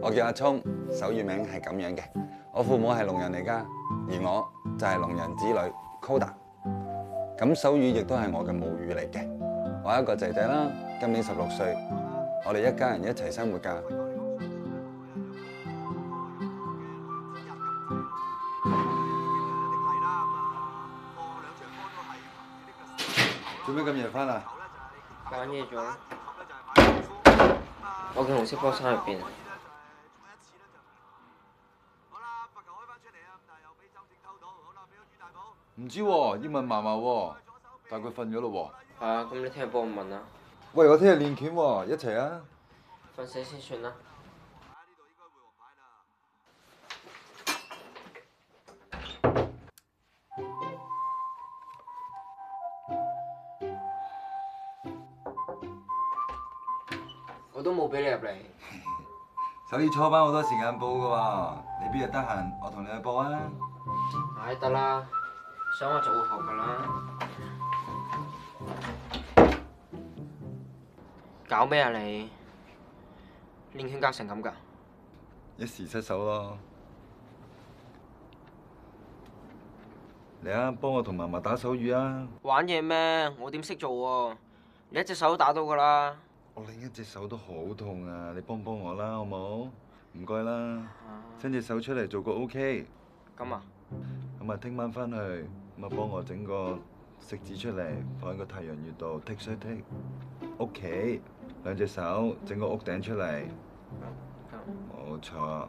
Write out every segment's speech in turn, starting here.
我叫阿聰，手語名係咁樣嘅。我父母係聾人嚟噶，而我就係聾人子女，CODA。咁手語亦都係我嘅母語嚟嘅。我有一個仔仔啦，今年十六歲，我哋一家人一齊生活噶。做咩咁夜翻啊？玩嘢咗。我嘅紅色波衫入邊。唔知喎，要問嫲嫲喎，但佢瞓咗咯喎。係啊，咁你聽日幫我問啊。喂，我聽日練拳喎，一齊啊。瞓醒先算啦，啊。我都冇俾你入嚟，手語初班好多時間報噶，你邊日得閒，我同你去報啊！唉得啦，想我就會學噶啦。搞咩啊你？練拳搞成咁噶？一時失手咯。嚟啊，幫我同嫲嫲打手語啊！玩嘢咩？我點識做喎？你一隻手都打到噶啦。我另一隻手都好痛啊！你幫幫我啦，好冇？唔該啦，伸隻手出嚟做個 OK。咁啊？咁啊，聽晚翻去咁啊，幫我整個食指出嚟，放喺個太陽穴度，剔衰剔。屋企兩隻手，整個屋頂出嚟。冇錯。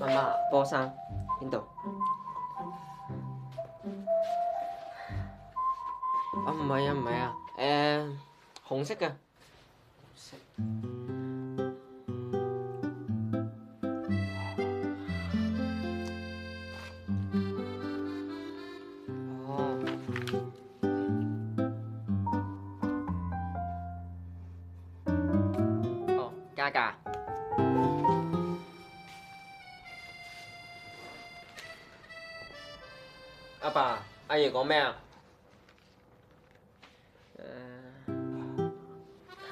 媽媽，波衫邊度？啊，唔係啊，唔係啊！誒，紅色嘅。紅色？哦。哦，嘉嘉。阿爸，阿爺講咩啊？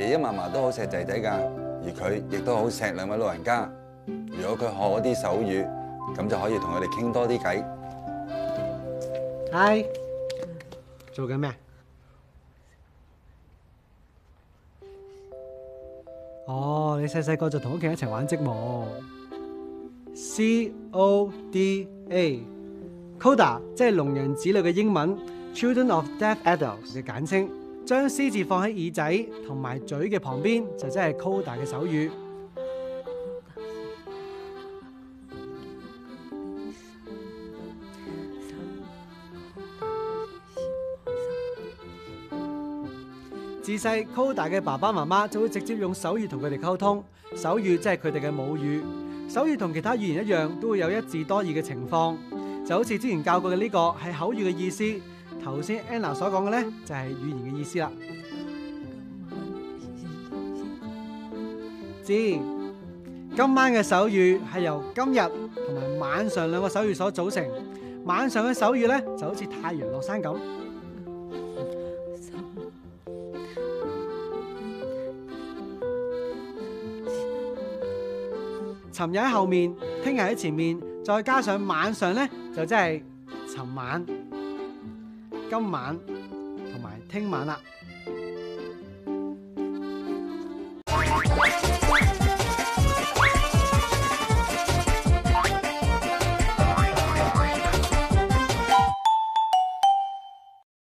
爺爺嫲嫲都好錫仔仔噶，而佢亦都好錫兩位老人家。如果佢學嗰啲手語，咁就可以同佢哋傾多啲偈。Hi，做緊咩？哦，你細細個就同屋企人一齊玩積木。C O D A，Coda 即係聾人子女嘅英文 Children of Deaf Adults 嘅簡稱。將獅字放喺耳仔同埋嘴嘅旁邊，就即係 Coda 嘅手語。自細 Coda 嘅爸爸媽媽就會直接用手語同佢哋溝通，手語即係佢哋嘅母語。手語同其他語言一樣，都會有一字多義嘅情況，就好似之前教過嘅呢個係口語嘅意思。頭先 Anna 所講嘅呢，就係、是、語言嘅意思啦。知今晚嘅手語係由今日同埋晚上兩個手語所組成。晚上嘅手語呢，就好似太陽落山咁，尋、嗯、日喺後面，聽日喺前面，再加上晚上呢，就真係尋晚。今晚同埋聽晚啦。